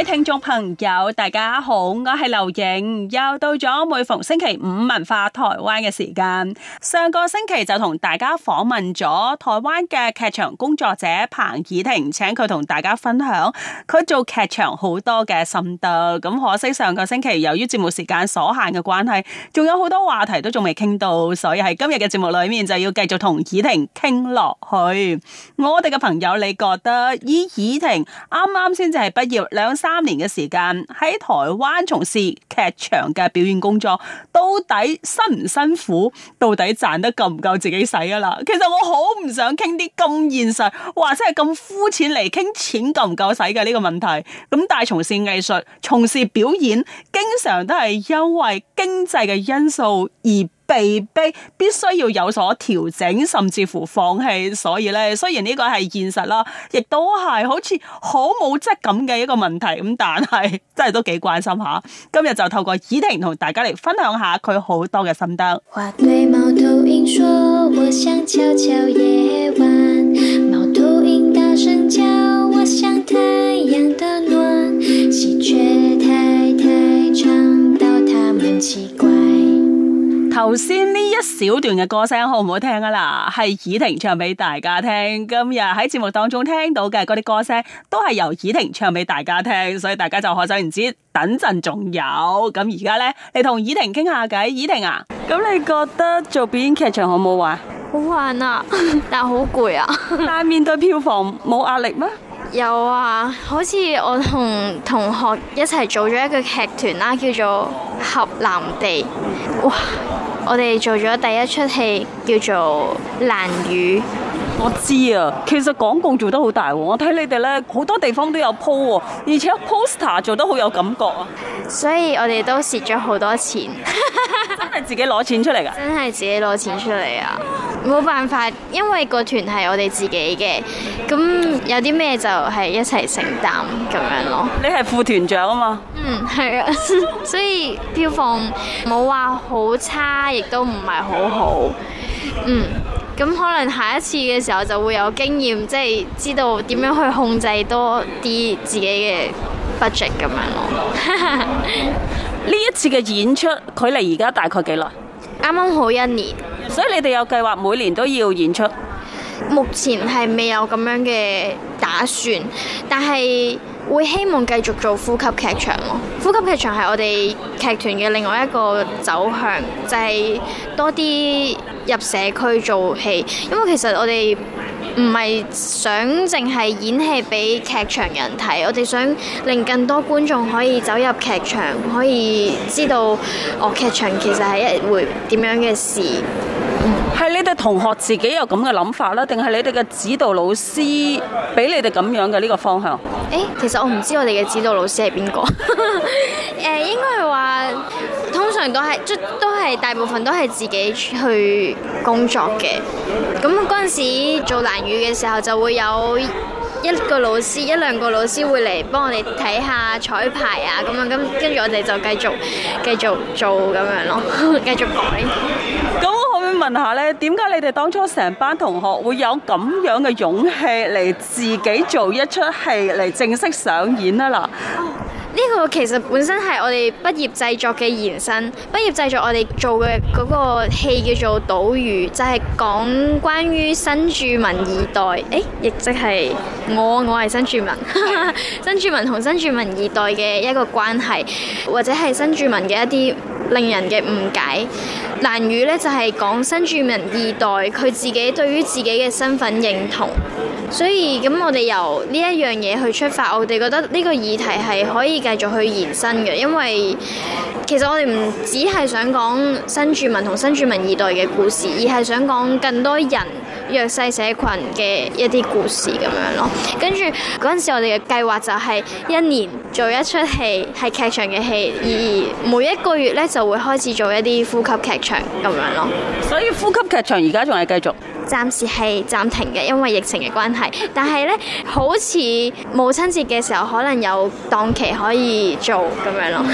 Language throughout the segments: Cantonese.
各位聽眾朋友，大家好，我係劉影，又到咗每逢星期五文化台灣嘅時間。上個星期就同大家訪問咗台灣嘅劇場工作者彭綺婷，請佢同大家分享佢做劇場好多嘅心得。咁可惜上個星期由於節目時間所限嘅關係，仲有好多話題都仲未傾到，所以係今日嘅節目裏面就要繼續同綺婷傾落去。我哋嘅朋友，你覺得依綺婷啱啱先至係畢業兩三？三年嘅時間喺台灣從事劇場嘅表演工作，到底辛唔辛苦？到底賺得夠唔夠自己使㗎喇，其實我好唔想傾啲咁現實，或者係咁膚淺嚟傾錢夠唔夠使嘅呢個問題。咁但係從事藝術、從事表演，經常都係因為經濟嘅因素而被逼必須要有所調整，甚至乎放棄。所以咧，雖然呢個係現實啦，亦都係好似好冇質感嘅一個問題咁，但係真係都幾關心下、啊、今日就透過子婷同大家嚟分享下，佢好多嘅心得。話對貓頭鷹說：「我想悄悄夜晚，貓頭鷹大聲叫。」「我像太陽的暖，喜鵲太太唱到他們奇怪。」頭先呢一小段嘅歌聲好唔好聽啊？嗱，係以婷唱俾大家聽。今日喺節目當中聽到嘅嗰啲歌聲，都係由以婷唱俾大家聽，所以大家就可想而知。等陣仲有咁。而家呢，你同以婷傾下偈。以婷啊，咁你覺得做表演劇場好唔好玩？好玩啊，但係好攰啊。 但面對票房冇壓力咩？有啊，好似我同同學一齊做咗一個劇團啦，叫做《合南地》。哇！我哋做咗第一出戲，叫做《難語》。我知啊，其實廣告做得好大喎，我睇你哋咧好多地方都有鋪喎，而且 poster 做得好有感覺啊。所以我哋都蝕咗好多錢， 真係自己攞錢出嚟噶。真係自己攞錢出嚟啊，冇辦法，因為個團係我哋自己嘅，咁有啲咩就係一齊承擔咁樣咯。你係副團長啊嘛？嗯，係啊， 所以票房冇話好差，亦都唔係好好，嗯。咁可能下一次嘅時候就會有經驗，即係知道點樣去控制多啲自己嘅 budget 咁樣咯。呢 一次嘅演出距離而家大概幾耐？啱啱好一年。所以你哋有計劃每年都要演出？目前係未有咁樣嘅打算，但係會希望繼續做呼吸劇場咯。呼吸劇場係我哋劇團嘅另外一個走向，就係多啲入社區做戲，因為其實我哋唔係想淨係演戲俾劇場人睇，我哋想令更多觀眾可以走入劇場，可以知道我劇場其實係一回點樣嘅事。係你哋同學自己有咁嘅諗法啦，定係你哋嘅指導老師俾你哋咁樣嘅呢個方向？誒、欸，其實我唔知我哋嘅指導老師係邊個。誒、 呃，應該係話。通常都係，即都係大部分都係自己去工作嘅。咁嗰陣時做難語嘅時候，就會有一個老師，一兩個老師會嚟幫我哋睇下彩排啊，咁啊，跟跟住我哋就繼續繼續做咁樣咯，繼續改。咁我可唔可以問下呢？點解你哋當初成班同學會有咁樣嘅勇氣嚟自己做一出戲嚟正式上演啊啦？Oh. 呢個其實本身係我哋畢業製作嘅延伸。畢業製作我哋做嘅嗰個戲叫做《島嶼》，就係、是、講關於新住民二代，誒、欸，亦即係我，我係新住民，哈哈新住民同新住民二代嘅一個關係，或者係新住民嘅一啲令人嘅誤解。難語呢，就係、是、講新住民二代佢自己對於自己嘅身份認同。所以咁，我哋由呢一樣嘢去出發，我哋覺得呢個議題係可以繼續去延伸嘅，因為其實我哋唔只係想講新住民同新住民二代嘅故事，而係想講更多人弱勢社群嘅一啲故事咁樣咯。跟住嗰陣時，我哋嘅計劃就係一年做一出戲，係劇場嘅戲，而每一個月呢就會開始做一啲呼吸劇場咁樣咯。所以呼吸劇場而家仲係繼續。暫時係暫停嘅，因為疫情嘅關係。但係呢，好似母親節嘅時候，可能有檔期可以做咁樣咯。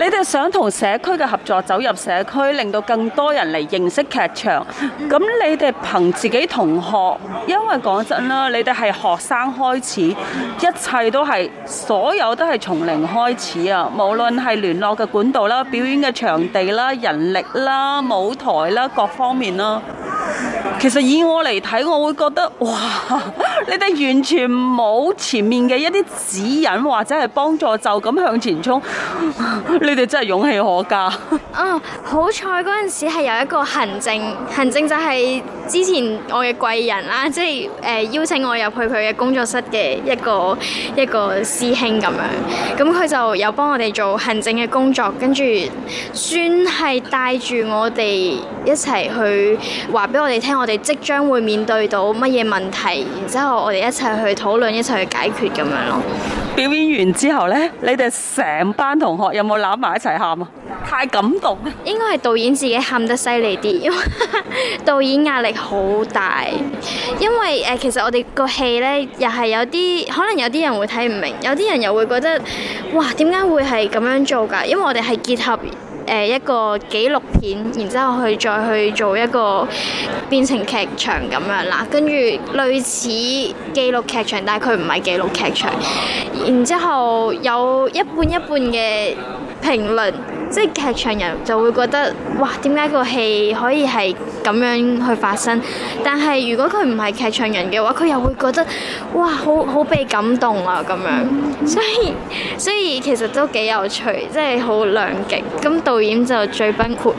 你哋想同社區嘅合作走入社區，令到更多人嚟認識劇場。咁你哋憑自己同學，因為講真啦，你哋係學生開始，一切都係所有都係從零開始啊！無論係聯絡嘅管道啦、表演嘅場地啦、人力啦、舞台啦各方面啦。其實以我嚟睇，我會覺得哇，你哋完全冇前面嘅一啲指引或者係幫助，就咁向前衝。你哋真係勇氣可嘉。嗯、哦，好彩陣時係有一個行政，行政就係之前我嘅貴人啦、啊，即係誒、呃，邀請我入去佢嘅工作室嘅一個一個師兄咁樣。咁佢就有幫我哋做行政嘅工作，跟住算係帶住我哋一齊去話俾我哋聽我哋，我哋即將會面對到乜嘢問題，然之後我哋一齊去討論，一齊去解決咁樣咯。表演完之後呢，你哋成班同學有冇攬埋一齊喊啊？太感動啦！應該係導演自己喊得犀利啲，因 為導演壓力好大。因為誒、呃，其實我哋個戲呢，又係有啲，可能有啲人會睇唔明，有啲人又會覺得哇，點解會係咁樣做㗎？因為我哋係結合。誒一個紀錄片，然之後去再去做一個變成劇場咁樣啦，跟住類似紀錄劇場，但係佢唔係紀錄劇場。然之後有一半一半嘅。評論，即係劇場人就會覺得，哇，點解個戲可以係咁樣去發生？但係如果佢唔係劇場人嘅話，佢又會覺得，哇，好好被，感動啊，咁樣。所以所以其實都幾有趣，即係好兩極。咁導演就最崩潰，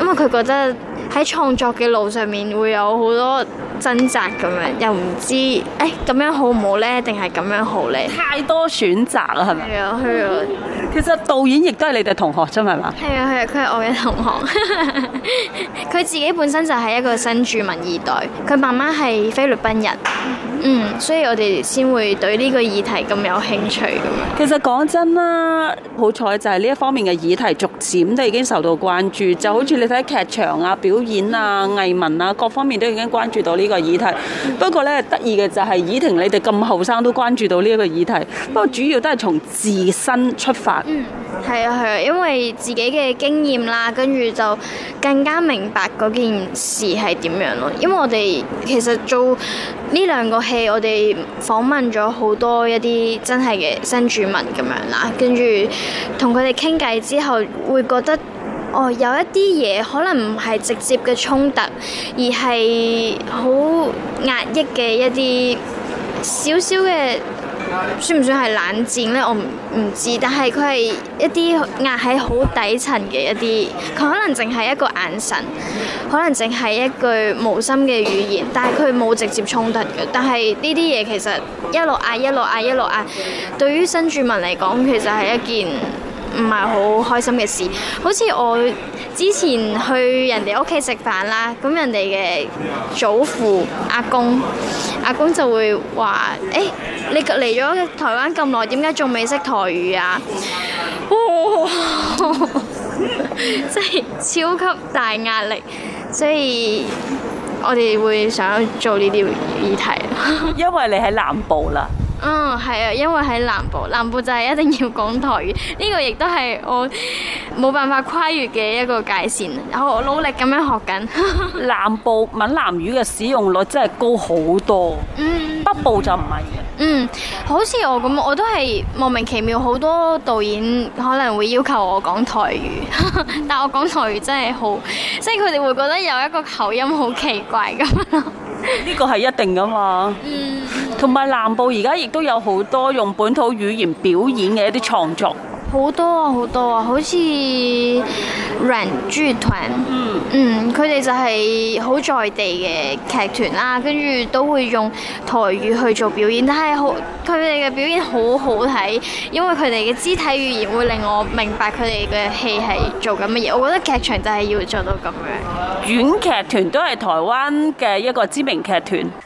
因為佢覺得喺創作嘅路上面會有好多掙扎咁樣，又唔知誒，咁樣好唔好呢？定係咁樣好呢？太多選擇啦，係咪？係啊，係啊。其實導演亦都係你哋同學啫，係嘛？係啊，係啊，佢係我嘅同學。佢 自己本身就係一個新住民二代，佢媽媽係菲律賓人。嗯，所以我哋先會對呢個議題咁有興趣咁樣。其實講真啦，好彩就係呢一方面嘅議題逐漸都已經受到關注，就好似你睇劇場啊、表演啊、藝、嗯、文啊各方面都已經關注到呢個議題。嗯、不過呢得意嘅就係以婷，你哋咁後生都關注到呢一個議題。嗯、不過主要都係從自身出發。嗯係啊，係啊，因為自己嘅經驗啦，跟住就更加明白嗰件事係點樣咯。因為我哋其實做呢兩個戲，我哋訪問咗好多一啲真係嘅新住民咁樣啦，跟住同佢哋傾偈之後，會覺得哦，有一啲嘢可能唔係直接嘅衝突，而係好壓抑嘅一啲小小嘅。算唔算係冷戰呢？我唔，唔知，但係佢係一啲壓喺好底層嘅一啲，佢可能淨係一個眼神，可能淨係一句無心嘅語言，但係佢冇直接衝突嘅。但係呢啲嘢，其實一路壓、啊、一路壓、啊、一路壓、啊啊，對於新住民嚟講，其實係一件唔係好開心嘅事。好似我。之前去人哋屋企食飯啦，咁人哋嘅祖父阿公，阿公就會話，誒、欸，你嚟咗台灣咁耐，點解仲未識台語啊？即係 超級大壓力，所以我哋會想做呢啲議題， 因為你喺南部啦。嗯，係啊，因為喺南部，南部就係一定要講台語，呢個亦都係我冇辦法跨越嘅一個界線。然後我努力咁樣學緊。 南部閩南語嘅使用率真係高好多，嗯，北部就唔係嘅。嗯，好似我咁，我都係莫名其妙，好多導演可能會要求我講台語， 但我講台語真係好，即係佢哋會覺得有一個口音好奇怪咁咯。 呢個係一定噶嘛，嗯，同埋南部而家亦都有好多用本土語言表演嘅一啲創作。好多啊，好多啊，好似 r a n j u 團，嗯，佢哋、嗯、就係好在地嘅劇團啦，跟住都會用台語去做表演，但係好佢哋嘅表演好好睇，因為佢哋嘅肢體語言會令我明白佢哋嘅戲係做緊乜嘢。我覺得劇場就係要做到咁樣。阮劇團都係台灣嘅一個知名劇團。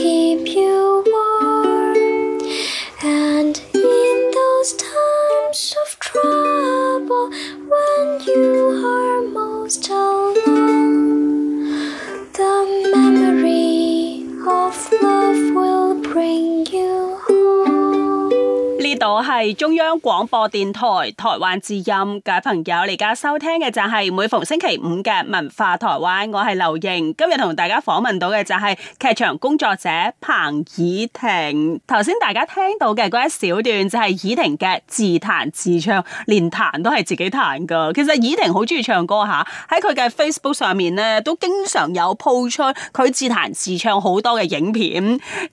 係中央廣播電台台灣之音。各位朋友，你而家收聽嘅就係每逢星期五嘅文化台灣，我係劉瑩，今日同大家訪問到嘅就係劇場工作者彭以婷。頭先大家聽到嘅嗰一小段就係以婷嘅自彈自唱，連彈都係自己彈噶。其實以婷好中意唱歌吓，喺佢嘅 Facebook 上面咧都經常有鋪出佢自彈自唱好多嘅影片。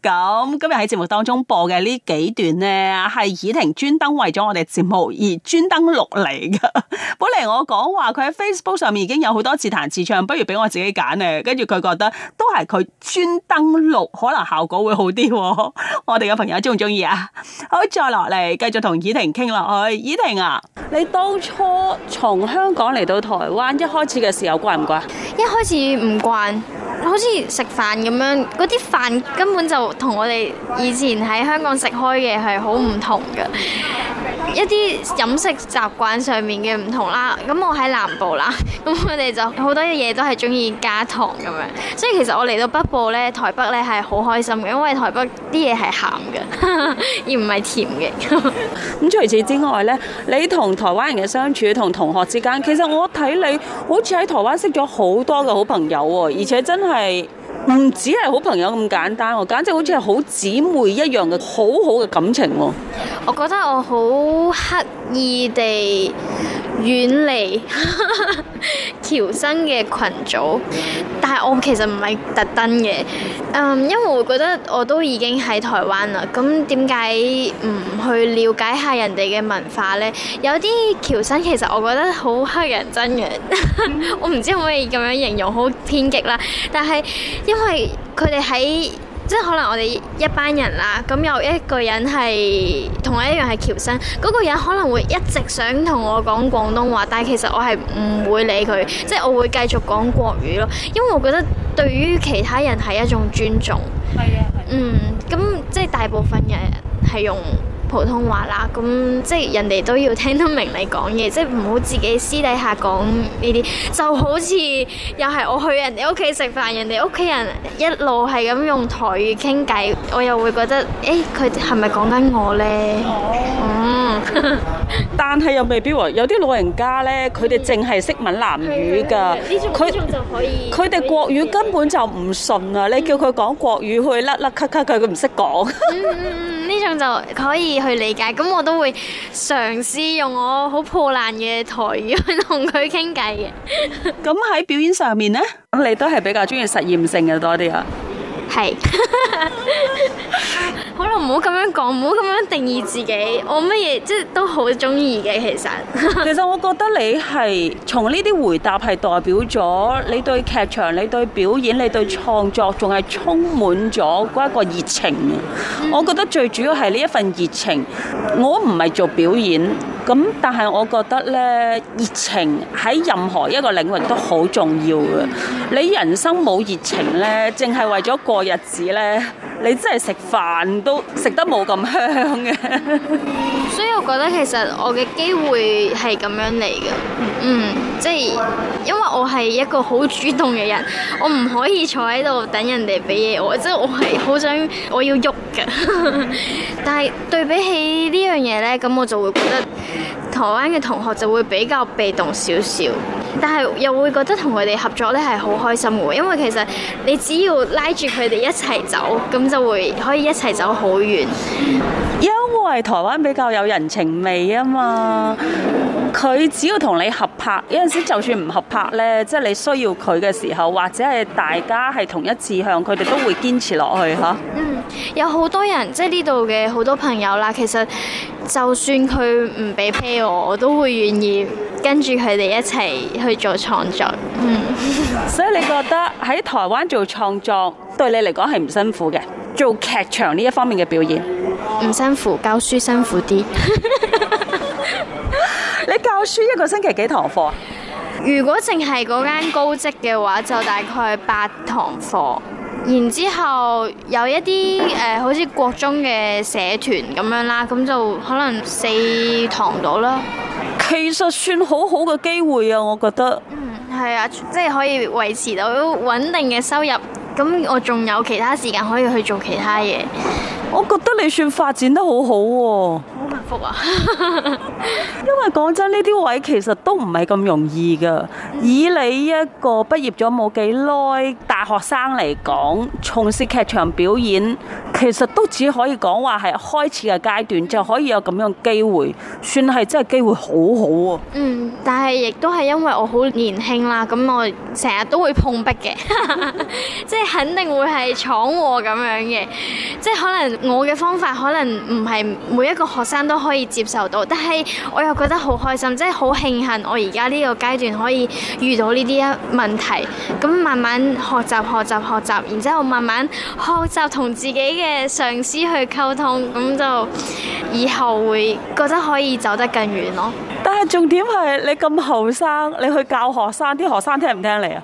咁今日喺節目當中播嘅呢幾段咧係以婷，專登為咗我哋節目而專登錄嚟㗎，本嚟我講話佢喺 Facebook 上面已經有好多自彈自唱，不如俾我自己揀咧。跟住佢覺得都係佢專登錄，可能效果會好啲喎。我哋嘅朋友中唔中意啊？好，再落嚟繼續同以婷傾啦，以以婷啊，你當初從香港嚟到台灣，一開始嘅時候乖唔乖？一開始唔慣，好似食飯咁樣，嗰啲飯根本就同我哋以前喺香港食開嘅係好唔同嘅。 一啲飲食習慣上面嘅唔同啦，咁我喺南部啦，咁佢哋就好多嘢都係中意加糖咁樣，所以其實我嚟到北部呢，台北呢係好開心嘅，因為台北啲嘢係鹹嘅， 而唔係甜嘅。咁 除此之外呢，你同台灣人嘅相處，同同學之間，其實我睇你好似喺台灣識咗好多嘅好朋友喎，而且真係。唔止係好朋友咁簡單喎，簡直好似係好姊妹一樣嘅好好嘅感情喎。我覺得我好刻意地。遠離僑生嘅群組，但係我其實唔係特登嘅，嗯，因為我覺得我都已經喺台灣啦，咁點解唔去了解下人哋嘅文化咧？有啲僑生其實我覺得好乞人憎嘅，mm hmm. 我唔知可唔可以咁樣形容，好偏激啦。但係因為佢哋喺。即係可能我哋一班人啦，咁有一個人係同我一樣係僑生，嗰、那個人可能會一直想同我講廣東話，但係其實我係唔會理佢，即係我會繼續講國語咯，因為我覺得對於其他人係一種尊重。係啊。嗯，咁即係大部分人係用。普通話啦，咁即係人哋都要聽得明你講嘢，即係唔好自己私底下講呢啲，就好似又係我去人哋屋企食飯，人哋屋企人一路係咁用台語傾偈，我又會覺得，「誒佢係咪講緊我呢？」嗯，但係又未必喎，有啲老人家呢，佢哋淨係識閩南語噶，佢哋國語根本就唔順啊！你叫佢講國語去，甩甩咳咳，佢唔識講。呢種就可以去理解，咁我都會嘗試用我好破爛嘅台語去同佢傾偈嘅。咁喺表演上面呢，咁你都係比較中意實驗性嘅多啲啊？係。 可能唔好咁樣講，唔好咁樣定義自己。我乜嘢即係都好中意嘅，其實。 其實我覺得你係從呢啲回答係代表咗你對劇場、你對表演、你對創作仲係充滿咗嗰一個熱情。嗯、我覺得最主要係呢一份熱情。我唔係做表演。咁，但係我覺得呢熱情喺任何一個領域都好重要嘅。你人生冇熱情呢，淨係為咗過日子呢。你真係食飯都食得冇咁香嘅， 所以我覺得其實我嘅機會係咁樣嚟嘅，嗯，即係、嗯就是、因為我係一個好主動嘅人， 我唔可以坐喺度等人哋俾嘢我，即、就、係、是、我係好想我要喐嘅， 但係對比起呢樣嘢呢，咁我就會覺得台灣嘅同學就會比較被動少少。但係又會覺得同佢哋合作咧係好開心嘅，因為其實你只要拉住佢哋一齊走，咁就會可以一齊走好遠。因為台灣比較有人情味啊嘛，佢只要同你合拍，有陣時就算唔合拍呢，即係你需要佢嘅時候，或者係大家係同一志向，佢哋都會堅持落去嚇。有好多人即係呢度嘅好多朋友啦，其實就算佢唔俾 pay 我，我都會願意跟住佢哋一齊去做創作。嗯，所以你覺得喺台灣做創作對你嚟講係唔辛苦嘅？做劇場呢一方面嘅表演唔辛苦，教書辛苦啲。 你教書一個星期幾堂課？如果淨係嗰間高職嘅話，就大概八堂課。然之後有一啲誒、呃，好似國中嘅社團咁樣啦，咁就可能四堂到啦。其實算好好嘅機會啊，我覺得。嗯，係啊，即、就、係、是、可以維持到穩定嘅收入，咁我仲有其他時間可以去做其他嘢。我覺得你算發展得好好喎，好幸福啊！啊 因為講真，呢啲位其實都唔係咁容易噶。嗯、以你一個畢業咗冇幾耐大學生嚟講，從事劇場表演，其實都只可以講話係開始嘅階段，就可以有咁樣嘅機會，算係真係機會好好、啊、喎。嗯，但係亦都係因為我好年輕啦，咁我成日都會碰壁嘅， 即係肯定會係闖禍咁樣嘅，即係可能。我嘅方法可能唔係每一個學生都可以接受到，但係我又覺得好開心，即係好慶幸我而家呢個階段可以遇到呢啲問題，咁慢慢學習、學習、學習，然之後慢慢學習同自己嘅上司去溝通，咁就以後會覺得可以走得更遠咯。但係重點係你咁後生，你去教學生，啲學生聽唔聽你啊？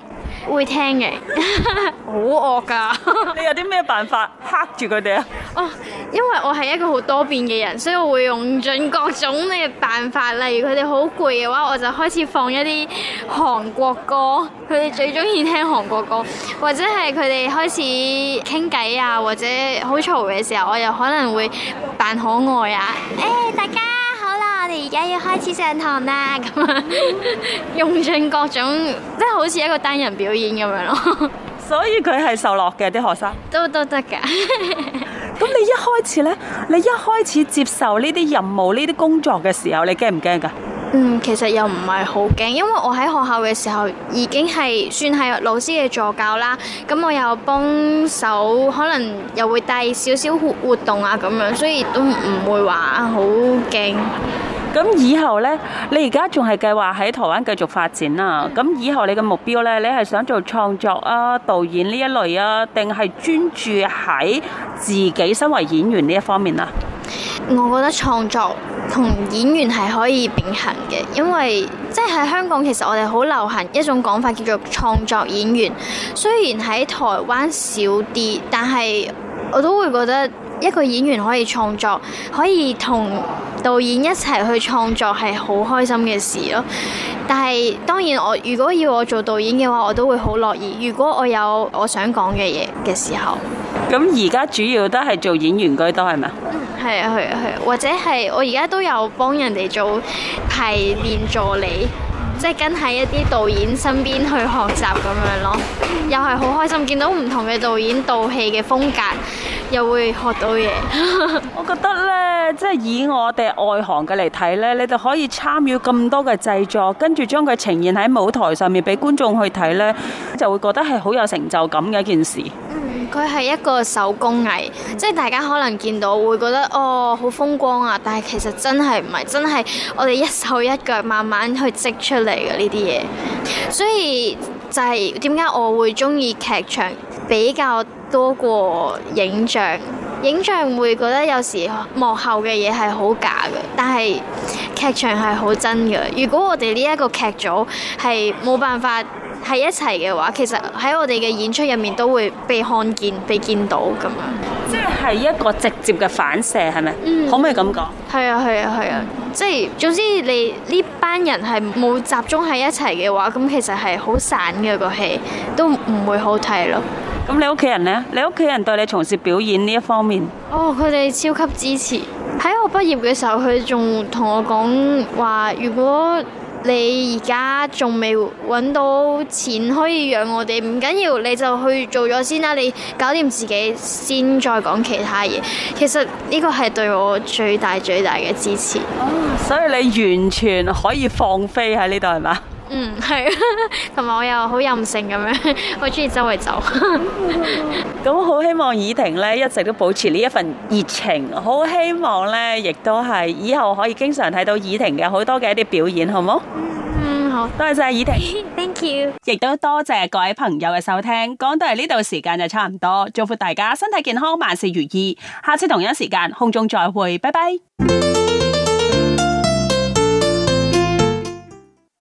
會聽嘅， 好惡兇㗎的！ 你有啲咩辦法嚇住佢哋啊？哦，因為我係一個好多變嘅人，所以我會用盡各種嘅辦法。例如佢哋好攰嘅話，我就開始放一啲韓國歌，佢哋最中意聽韓國歌。或者係佢哋開始傾偈啊，或者好嘈嘅時候，我又可能會扮可愛啊。誒、哎，大家好啦，我哋而家要開始上堂啦。咁樣用盡各種，即係好似一個單人表演咁樣咯。所以佢係受落嘅啲學生，都都得嘅。 咁你一開始呢，你一開始接受呢啲任務、呢啲工作嘅時候，你驚唔驚㗎？嗯，其實又唔係好驚，因為我喺學校嘅時候已經係算係老師嘅助教啦。咁我又幫手，可能又會帶少少活動啊咁樣，所以都唔會話好驚。咁以後呢，你而家仲係計劃喺台灣繼續發展啊？咁以後你嘅目標呢，你係想做創作啊、導演呢一類啊，定係專注喺自己身為演員呢一方面啊？我覺得創作同演員係可以並行嘅，因為即係，就是，香港其實我哋好流行一種講法叫做創作演員，雖然喺台灣少啲，但係我都會覺得一個演員可以創作，可以同導演一齊去創作係好開心嘅事咯，但係當然我如果要我做導演嘅話，我都會好樂意，如果我有我想講嘅嘢嘅時候。咁而家主要都係做演員居多係嘛？嗯，係啊係啊係啊，或者係我而家都有幫人哋做排練助理，即係跟喺一啲導演身邊去學習咁樣咯，又係好開心見到唔同嘅導演導戲嘅風格。又會學到嘢， 我覺得呢，即係以我哋外行嘅嚟睇呢，你就可以參與咁多嘅製作，跟住將佢呈現喺舞台上面俾觀眾去睇呢，就會覺得係好有成就感嘅一件事。佢係、嗯、一個手工藝，即係大家可能見到會覺得哦好風光啊，但係其實真係唔係，真係我哋一手一腳慢慢去積出嚟嘅呢啲嘢。所以就係點解我會鍾意劇場比較多過影像，影像會覺得有時幕後嘅嘢係好假嘅，但係劇場係好真嘅。如果我哋呢一個劇組係冇辦法喺一齊嘅話，其實喺我哋嘅演出入面都會被看見、被見到咁樣。即係一個直接嘅反射，係咪？嗯、可唔可以咁講？係啊，係啊，係啊！即係、啊、總之，你呢班人係冇集中喺一齊嘅話，咁其實係好散嘅、那個戲，都唔會好睇咯。咁你屋企人呢？你屋企人對你從事表演呢一方面？哦，佢哋超級支持。喺我畢業嘅時候，佢仲同我講話：「如果你而家仲未揾到錢可以養我哋，唔緊要，你就去做咗先啦。你搞掂自己先，再講其他嘢。其實呢個係對我最大最大嘅支持。哦，所以你完全可以放飛喺呢度，係嘛？嗯，係，同埋我又好任性咁樣，好中意周圍走。咁好希望以婷咧一直都保持呢一份熱情，好希望咧亦都係以後可以經常睇到以婷嘅好多嘅一啲表演，好唔好？嗯，好，多謝以婷 ，Thank you。亦都多謝各位朋友嘅收聽，講到嚟呢度時間就差唔多，祝福大家身體健康，萬事如意，下次同一時間空中再會，拜拜。